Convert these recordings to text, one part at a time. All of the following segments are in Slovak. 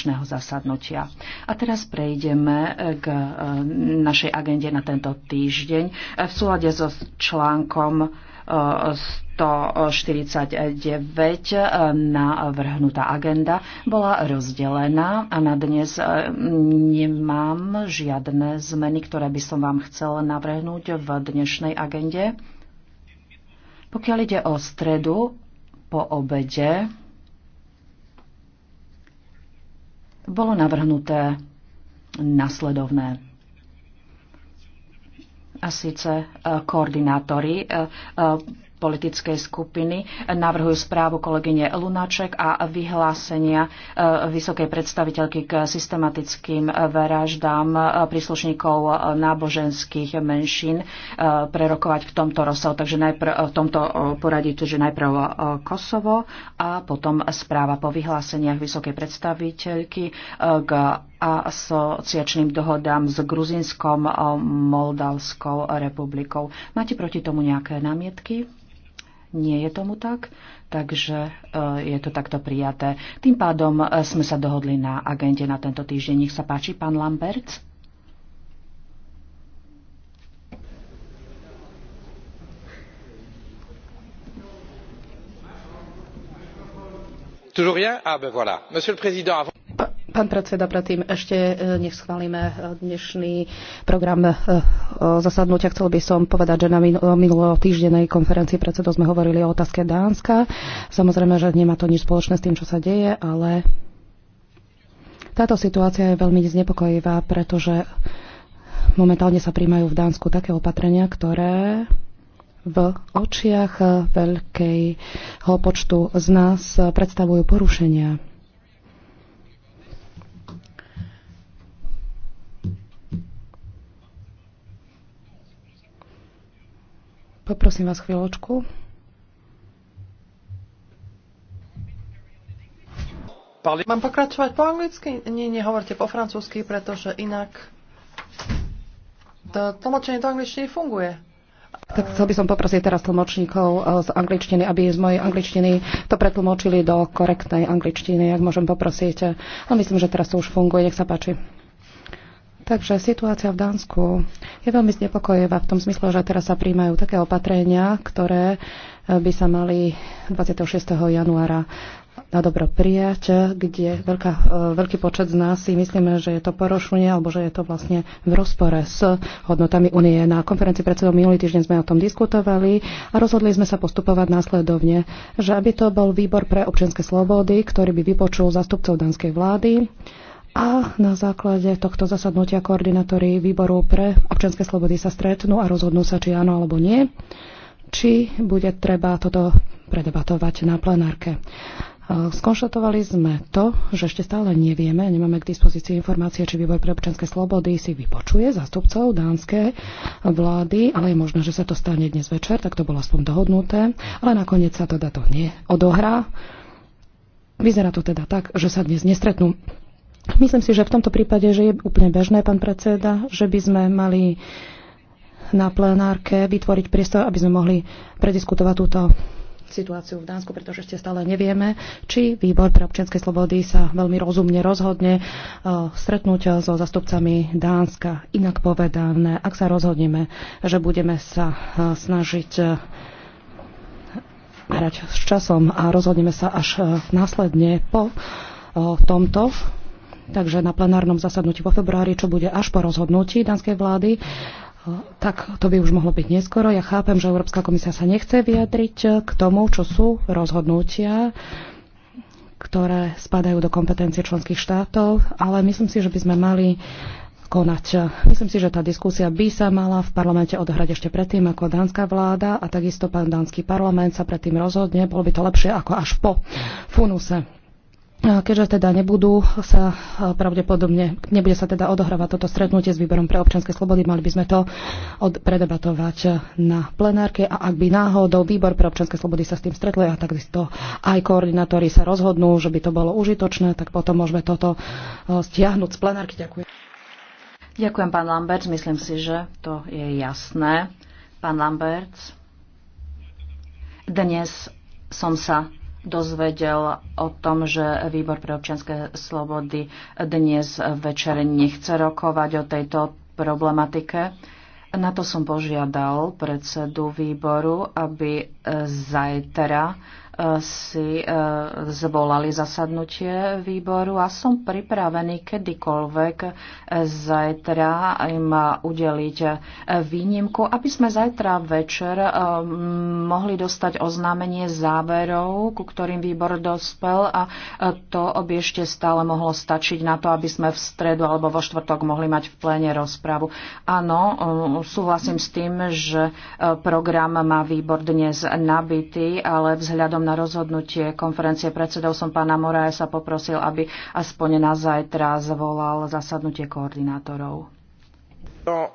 dnešného zasadnutia. A teraz prejdeme eh, k eh, našej agende na tento týždeň. Eh, v súlade so článkom 149 navrhnutá agenda bola rozdelená a na dnes nemám žiadne zmeny, ktoré by som vám chcel navrhnúť v dnešnej agende. Pokiaľ ide o stredu po obede, bolo navrhnuté nasledovné. A síce eh, koordinátori eh, eh, politickej skupiny navrhujú správu kolegyne Lunaček a vyhlásenia e, vysokej predstaviteľky k systematickým vraždám e, príslušníkov e, náboženských menšín prerokovať v tomto rozsahu. Takže najprv v tomto poradí, že najprv Kosovo a potom správa po vyhláseniach vysokej predstaviteľky k asociačným dohodám s Gruzinskom Moldavskou republikou. Máte proti tomu nejaké námietky? Nie je tomu tak, takže e, je to takto prijaté. Tým pádom e, sme sa dohodli na agende na tento týždeň. Nech sa páči, pán Lambert. Toujours rien? Ah ben voilà. Monsieur le Président, avant... Pán predseda, predtým ešte e, nech schválime e, dnešný program e, zasadnutia. Chcel by som povedať, že na minulo týždenej konferencii predsedov sme hovorili o otázke Dánska. Samozrejme, že nemá to nič spoločné s tým, čo sa deje, ale táto situácia je veľmi znepokojivá, pretože momentálne sa príjmajú v Dánsku také opatrenia, ktoré v očiach veľkého počtu z nás predstavujú porušenia Poprosím vás chvíľočku. Pali. Mám pokračovať po anglicky? Nie, nehovorte po francúzsky, pretože inak to tlmočenie do angličtiny funguje. Tak chcel by som poprosiť teraz tlmočníkov eh, z angličtiny, aby z mojej angličtiny to pretlmočili do korektnej angličtiny, ak môžem poprosiť. Eh, no myslím, že teraz to už funguje, nech sa páči. Takže situácia v Dánsku je veľmi znepokojivá v tom zmysle, že teraz sa príjmajú také opatrenia, ktoré eh, by sa mali 26. januára na dobro prijať, kde veľká, eh, veľký počet z nás si myslíme, že je to porušenie alebo že je to vlastne v rozpore s hodnotami únie. Na konferencii predsedov minulý týždeň sme o tom diskutovali a rozhodli sme sa postupovať následovne, že aby to bol výbor pre občianske slobody, ktorý by vypočul zastupcov danskej vlády, a na základe tohto zasadnutia koordinátori výboru pre občianske slobody sa stretnú a rozhodnú sa, či áno alebo nie, či bude treba toto predebatovať na plenárke. E, skonštatovali sme to, že ešte stále nevieme, nemáme k dispozícii informácie, či výbor pre občanské slobody si vypočuje zástupcov dánskej vlády, ale je možné, že sa to stane dnes večer, tak to bolo aspoň dohodnuté, ale nakoniec sa teda to neodohrá. Vyzerá to teda tak, že sa dnes nestretnú Myslím si, že v tomto prípade, že je úplne bežné, pán predseda, že by sme mali na plenárke vytvoriť priestor, aby sme mohli prediskutovať túto situáciu v Dánsku, pretože ešte stále nevieme, či výbor pre občianske slobody sa veľmi rozumne rozhodne e, stretnúť so zastupcami Dánska. Inak povedané, ak sa rozhodneme, že budeme sa e, snažiť e, hrať s časom a rozhodneme sa až následne po tomto takže na plenárnom zasadnutí vo februári, čo bude až po rozhodnutí danskej vlády, e, tak to by už mohlo byť neskoro. Ja chápem, že Európska komisia sa nechce vyjadriť e, k tomu, čo sú rozhodnutia, ktoré spadajú do kompetencie členských štátov, ale myslím si, že by sme mali konať. Myslím si, že tá diskusia by sa mala v parlamente odohrať ešte predtým, ako dánska vláda a takisto pán dánsky parlament sa predtým rozhodne. Bolo by to lepšie ako až po funuse. Keďže teda nebudú sa e, pravdepodobne, nebude sa teda odohrávať toto stretnutie s výborom pre občianske slobody, mali by sme to od, predebatovať e, na plenárke a ak by náhodou výbor pre občianske slobody sa s tým stretli a takisto aj koordinátori sa rozhodnú, že by to bolo užitočné, tak potom môžeme toto e, stiahnuť z plenárky. Ďakujem. Ďakujem, pán Lambert. Myslím si, že to je jasné. Pán Lambert, dnes som sa dozvedel o tom, že Výbor pre občianske slobody dnes večer nechce rokovať o tejto problematike. Na to som požiadal predsedu výboru, aby zajtra si eh, zvolali zasadnutie výboru a som pripravený kedykoľvek eh, zajtra im udeliť eh, výnimku, aby sme zajtra večer mohli dostať oznámenie záverov, ku ktorým výbor dospel a to by ešte stále mohlo stačiť na to, aby sme v stredu alebo vo štvrtok mohli mať v pléne rozpravu. Áno, súhlasím s tým, že program má výbor dnes nabitý, ale vzhľadom na na rozhodnutie konferencie predsedov som pána Moraesa poprosil, aby aspoň na zajtra zvolal zasadnutie koordinátorov. No,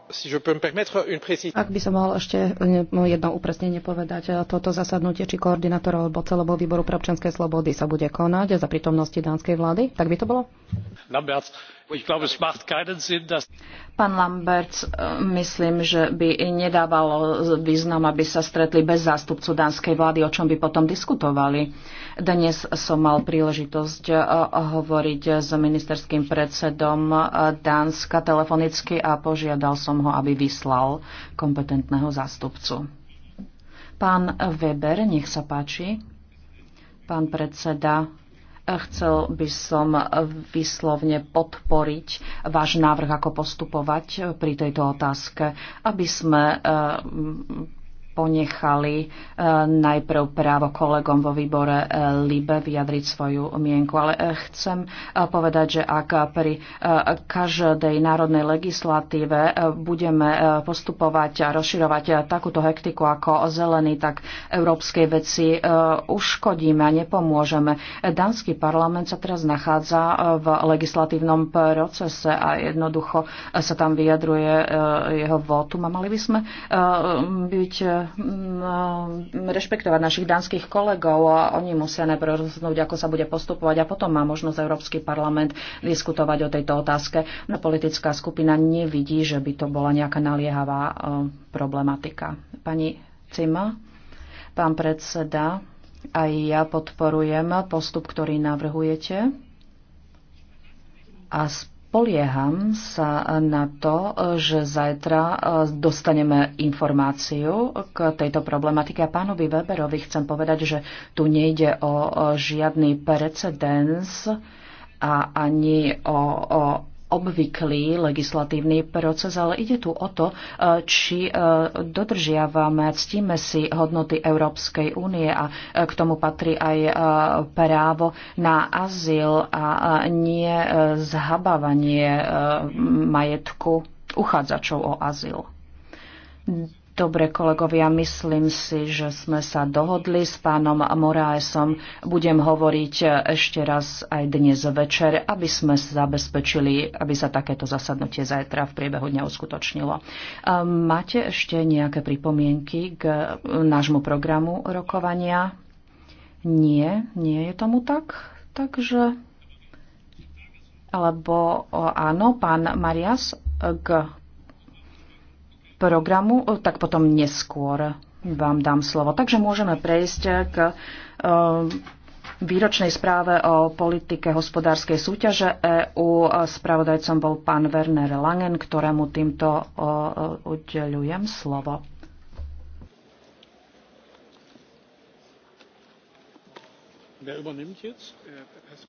Ak by som mohol ešte e, jedno upresnenie povedať, e, toto zasadnutie či koordinátorov alebo celého výboru pre občanské slobody sa bude konať za prítomnosti dánskej vlády, tak by to bolo? Pán Lamberts, eh, myslím, že by nedávalo význam, aby sa stretli bez zástupcu dánskej vlády, o čom by potom diskutovali. Dnes som mal príležitosť eh, hovoriť s ministerským predsedom eh, Dánska telefonicky a požiadal som ho, aby vyslal kompetentného zástupcu. Pán Weber, nech sa páči. Pán predseda, Chcel by som vyslovne podporiť váš návrh, ako postupovať pri tejto otázke, aby sme eh, ponechali e, najprv právo kolegom vo výbore e, LIBE vyjadriť svoju mienku. Ale e, chcem povedať, že ak pri každej národnej legislatíve budeme postupovať a rozširovať takúto hektiku ako zelený, tak európskej veci uškodíme a nepomôžeme. Danský parlament sa teraz nachádza v legislatívnom procese a jednoducho sa tam vyjadruje jeho votum a mali by sme byť Mm, rešpektovať našich dánskych kolegov a oni musia najprv rozhodnúť, ako sa bude postupovať a potom má možnosť Európsky parlament diskutovať o tejto otázke. No politická skupina nevidí, že by to bola nejaká naliehavá e, problematika. Pani Cima, pán predseda, aj ja podporujem postup, ktorý navrhujete a spolieham sa na to, že zajtra e, dostaneme informáciu k tejto problematike. A pánovi Weberovi chcem povedať, že tu nejde o žiadny precedens a ani o, o obvyklý legislatívny proces, ale ide tu o to, e, či e, dodržiavame, ctíme si hodnoty Európskej únie a e, k tomu patrí aj právo na azyl a nie zhabávanie majetku uchádzačov o azyl. Dobre, kolegovia, myslím si, že sme sa dohodli s pánom Moraesom. Budem hovoriť ešte raz aj dnes večer, aby sme zabezpečili, aby sa takéto zasadnutie zajtra v priebehu dňa uskutočnilo. Ehm, máte ešte nejaké pripomienky k nášmu programu rokovania? Nie, nie je tomu tak. Takže... Alebo áno, pán Marias k programu, tak potom neskôr vám dám slovo. Takže môžeme prejsť k výročnej správe o politike hospodárskej súťaže EU Spravodajcom bol pán Werner Langen, ktorému týmto udeľujem slovo. Wer übernimmt jetzt?